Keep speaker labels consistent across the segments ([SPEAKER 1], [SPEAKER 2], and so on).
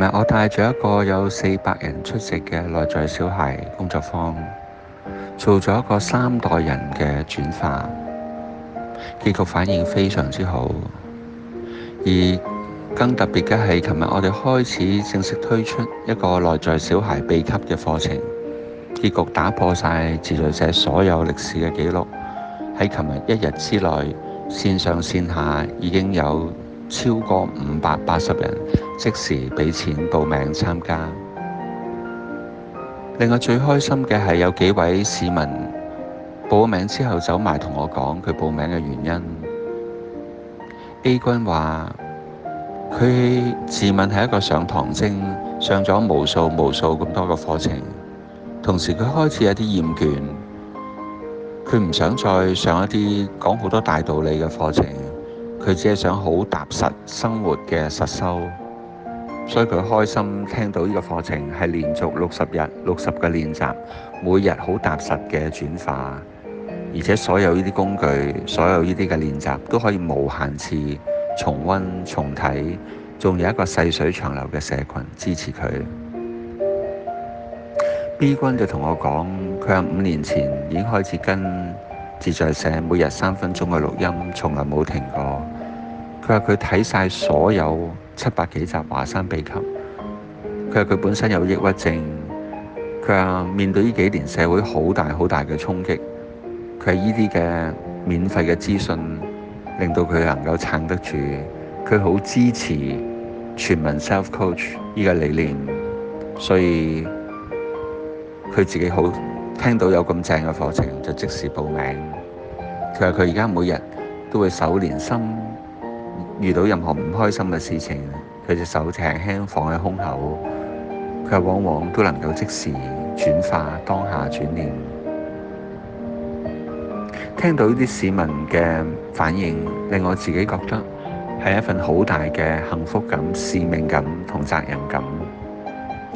[SPEAKER 1] 琴日我帶咗一個有四百人出席嘅內在小孩工作坊，做咗一個三代人嘅轉化，結局反應非常之好。而更特別嘅係，琴日我哋開始正式推出一個內在小孩秘笈嘅課程，結局打破晒自在社所有歷史嘅記錄。喺琴日一日之內，線上線下已經有超過五百八十人。即時畀錢報名參加，令我最開心嘅係有幾位市民報名之後走埋同我講佢報名嘅原因。A 君話：佢自問係一個上堂精，上咗無數無數咁多嘅課程，同時佢開始有啲厭倦，佢唔想再上一啲講好多大道理嘅課程，佢只係想好踏實生活嘅實修。所以佢開心聽到呢個課程，係連續六十日、六十個練習，每日好踏實嘅轉化，而且所有呢啲工具、所有呢啲嘅練習都可以無限次重溫重睇，仲有一個細水長流嘅社群支持佢。B 君就同我講，佢喺五年前已經開始跟自在社每日三分鐘嘅錄音，從來冇停過。佢話佢睇晒所有。七百幾集華山秘笈，佢話佢本身有抑鬱症，佢話面對呢幾年社會好大好大嘅衝擊，佢係呢啲嘅免費嘅資訊令到佢能夠撐得住，佢好支持全民 self coach 呢個理念，所以佢自己好聽到有咁正嘅課程就即時報名，佢話佢而家每日都會手連心。遇到任何唔開心嘅事情，佢隻手輕輕放喺胸口，佢往往都能夠即時轉化當下轉念。聽到呢啲市民嘅反應，令我自己覺得係一份好大嘅幸福感、使命感同責任感。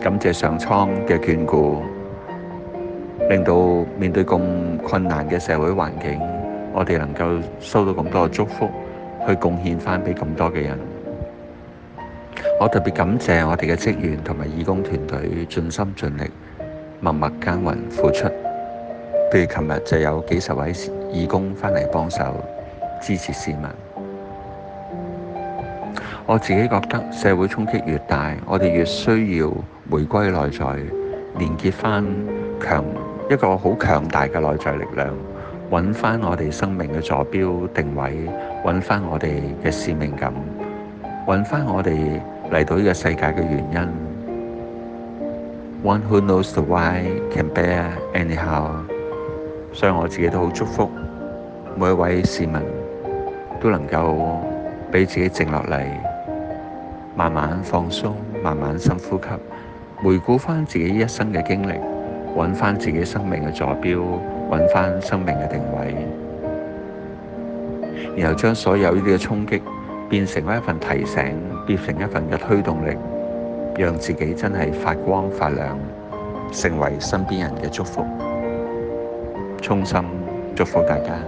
[SPEAKER 1] 感謝上蒼嘅眷顧，令到面對咁困難嘅社會環境，我哋能夠收到咁多嘅祝福。去貢獻翻俾咁多嘅人，我特別感謝我哋嘅職員同埋義工團隊盡心盡力、默默耕耘、付出。譬如琴日就有幾十位義工返嚟幫手支持市民。我自己覺得社會衝擊越大，我哋越需要回歸內在，連結翻強一個好強大嘅內在力量。揾翻我哋生命嘅座標定位，揾翻我哋嘅使命感，揾翻我哋嚟到呢個世界嘅原因。One who knows the why can bear anyhow。所以我自己都好祝福每一位市民，都能夠俾自己靜落嚟，慢慢放鬆，慢慢深呼吸，回顧翻自己一生嘅經歷，揾翻自己生命嘅座標。揾返生命嘅定位，然後將所有呢啲嘅衝擊變成一份提醒，變成一份嘅推動力，讓自己真係發光發亮，成為身邊人嘅祝福，衷心祝福大家。